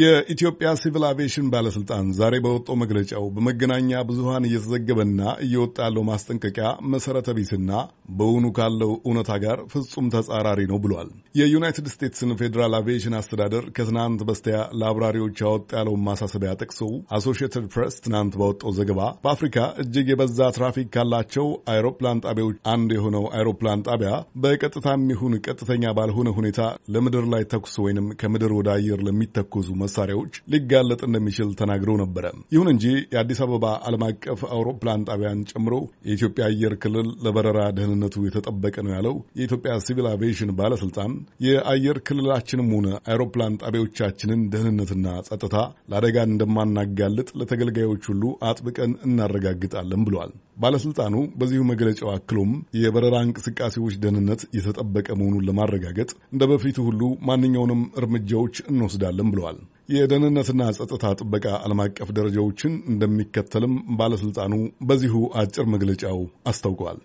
የኢትዮጵያ ሲቪል አቪዬሽን ባለስልጣን ዛሬ በወጣው መግለጫው በመገናኛ ብዙሃን እየተዘገበና እየወጣ ያለው ማስጠንቀቂያ መሰረተ ቢስና በውኑ ካለው እውነታ ጋር ፍጹም ተጻራሪ ነው ብሏል። የዩናይትድ ስቴትስን ፌዴራል አቪዬሽን አስተዳደር ከትናንት በስቲያ ለአብራሪዎች ያወጣ ያለውን ማሳሰቢያ ጠቅሰው አሶሺየትድ ፕሬስ ትናንት ባወጣው ዘገባ በአፍሪካ እጅግ የበዛ ትራፊክ ካላቸው አይሮፕላን ጣቢያዎች አንዱ የሆነው አይሮፕላን ጣቢያ በቀጥታም ይሁን ቀጥተኛ ባልሆነ ሁኔታ ለምድር ላይ ተኩስ ወይንም ከምድር ወደ አየር ለሚተኩሱ መሳሪያዎች ሊጋለጥ እንደሚችል ተናግረው ነበረ። ይሁን እንጂ የአዲስ አበባ ዓለም አቀፍ አውሮፕላን ጣቢያን ጨምሮ የኢትዮጵያ አየር ክልል ለበረራ ደህንነቱ የተጠበቀ ነው ያለው የኢትዮጵያ ሲቪል አቪዬሽን ባለስልጣን የአየር ክልላችንም ሆነ አውሮፕላን ጣቢያዎቻችንን ደህንነትና ጸጥታ ለአደጋ እንደማናጋልጥ ለተገልጋዮች ሁሉ አጥብቀን እናረጋግጣለን ብሏል። ባለስልጣኑ በዚሁ መግለጫው አክሎም የበረራ እንቅስቃሴዎች ደህንነት የተጠበቀ መሆኑን ለማረጋገጥ እንደ በፊቱ ሁሉ ማንኛውንም እርምጃዎች እንወስዳለን ብለዋል። የደህንነትና ጸጥታ ጥበቃ ዓለም አቀፍ ደረጃዎችን እንደሚከተልም ባለስልጣኑ በዚሁ አጭር መግለጫው አስታውቀዋል።